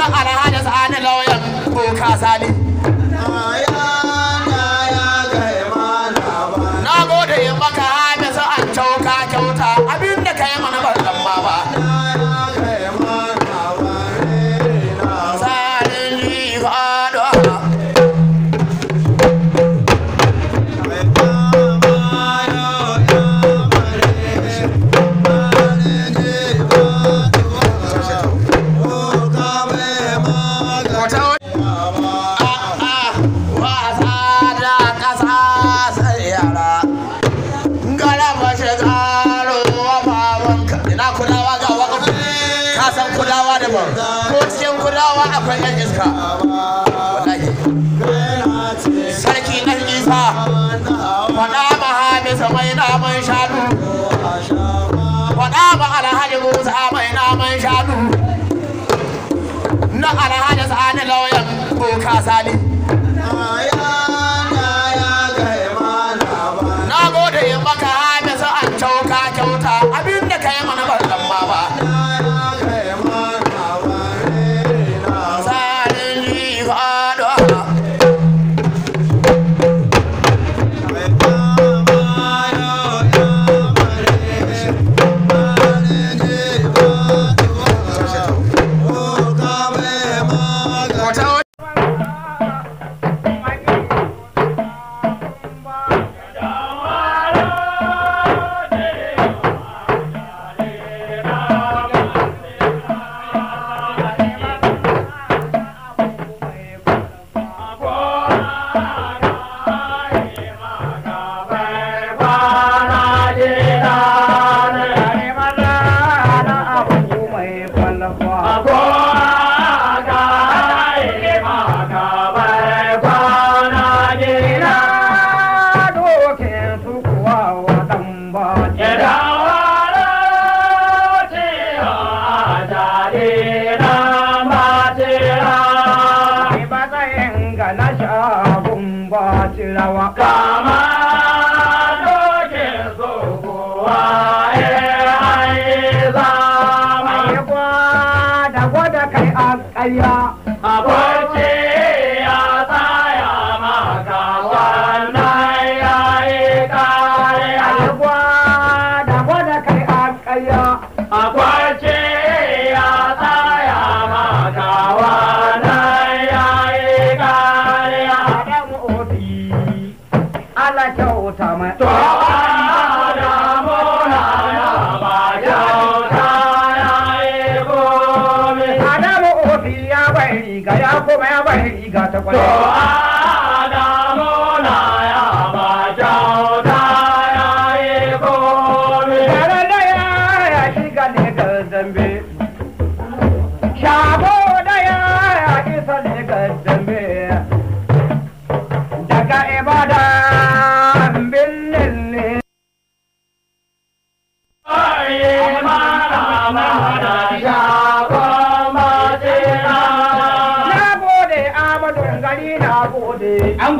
da alhaji sani lauyan ko sani akwai yan iska wallahi sarki dan isa faɗa ma hamisa mai naman shanu faɗa ma alhaji musa mai naman shanu na alhaji sani lauyan boka sani Get out! bari riga ya koma ya bari riga ta kwallo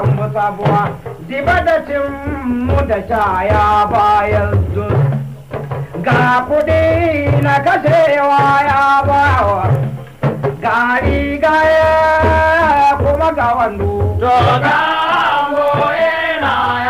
samu sabuwa diba da mu da shaya bayan yanzu ga kudi na kashewa ya bawa ga riga ya kuma ga wando to ga ina ya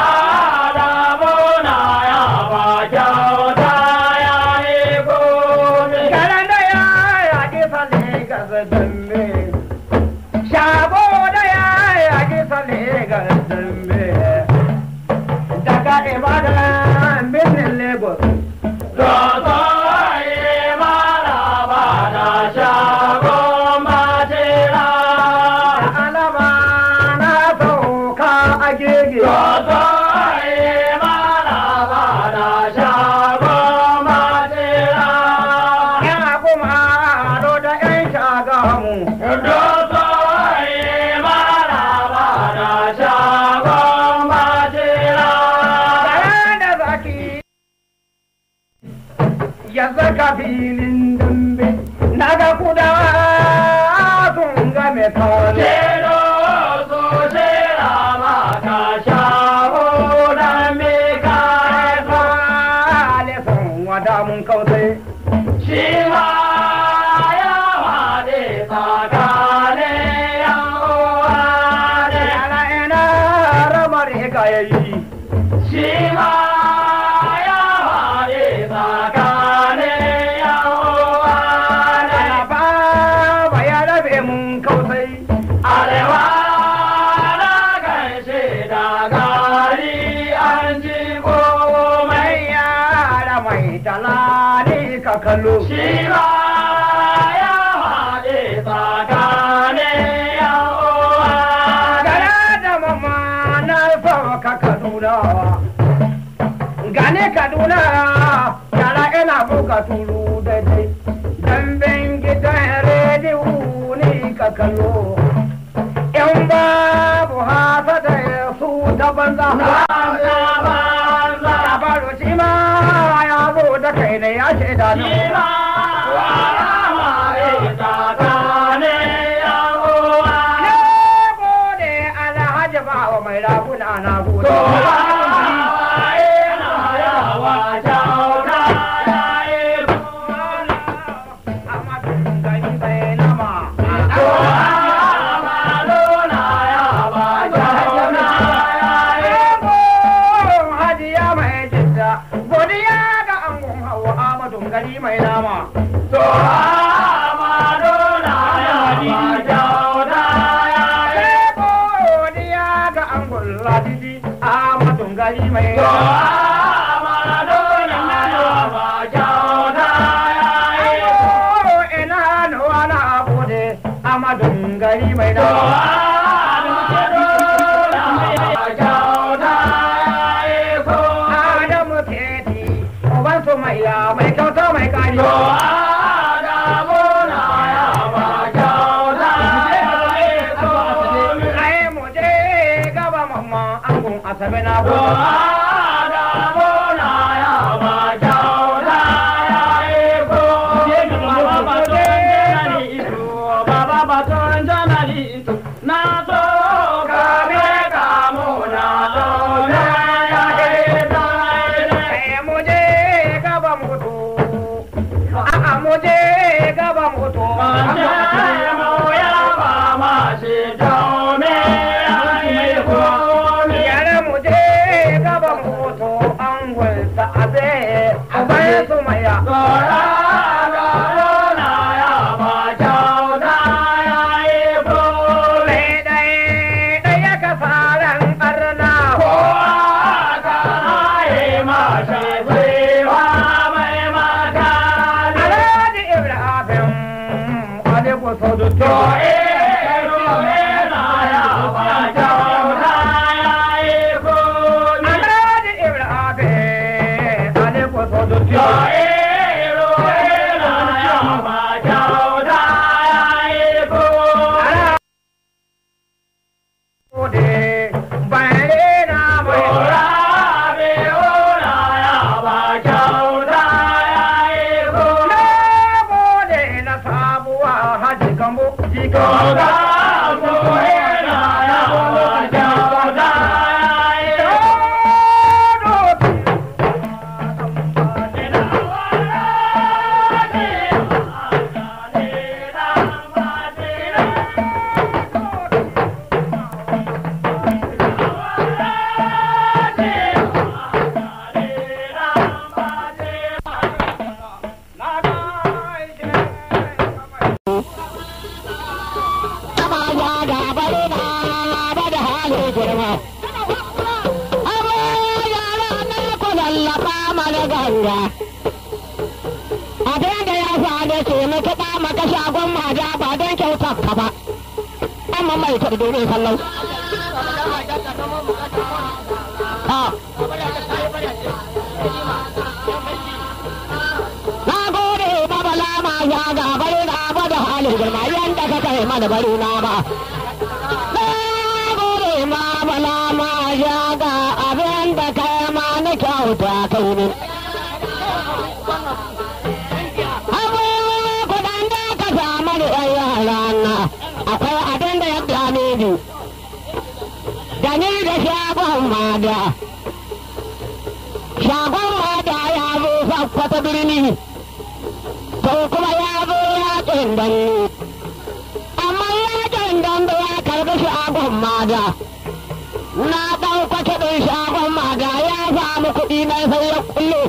filin dambe na ga kudawa gane kaduna yara ina buka tulu da dan bin gidan rediyo ne ka kallo in babu hafa da su ta banza labaru shi ma ya zo da kai ne ya shaida ne godiya ga angon hawa amadu gari mai nama to amado na ya di jauda ya godiya ga angon ladidi amadun gari mai nama ba don jamali kura abin da ya faru ke na kiɗa maka shagon maja ba don kyautar ka ba amma mai tarbi ne kallon na gode baba lama ya ga bari na ba da halin girma yadda ka kai mana bari na ba na gode ma lama ya ga abin da kai ma na kyauta kai ne da da shagon mada shagon mada ya zo sakwata birni to kuma ya zo yakin dambe amma yakin dambe ya karbi shagon mada na ɗauka kuɗin shagon mada ya samu kuɗi na sai ya kullo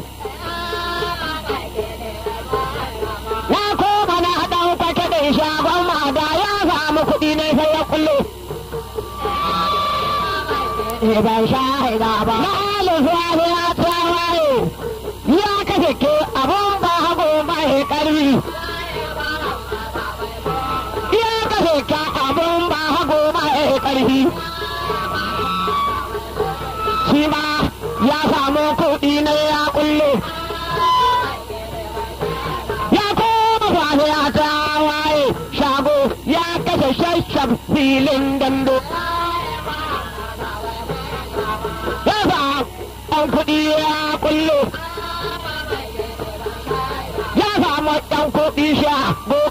na koma na ɗauka kuɗin shagon ne ban shahida ba lalin huwa ya ta waye ya kashe ke abun ba hago mai karfi ya kashe ka abun ba hago mai karfi shi ma ya samu kuɗi ne ya kulle ya koma ya ta waye shago ya kashe shashab filin dando dan kuɗi ya kullu ya samu dan kuɗi sha